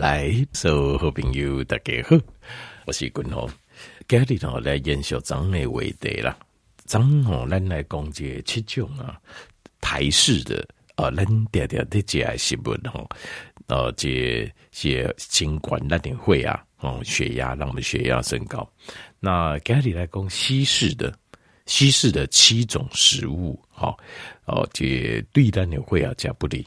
來，所有好朋友大家好，我是冠雄。今日呢嚟研究張嘅話題啦。張哦，咱來講這七種啊，台式的啊，咱常常啲即係食物哦，哦，即係盡管，咱、哦、點、這個、會啊，哦，血壓讓我們血壓升高。那今日來講西式的西式的七種食物，好，哦，即、這個、對咱嘅會啊，加不利。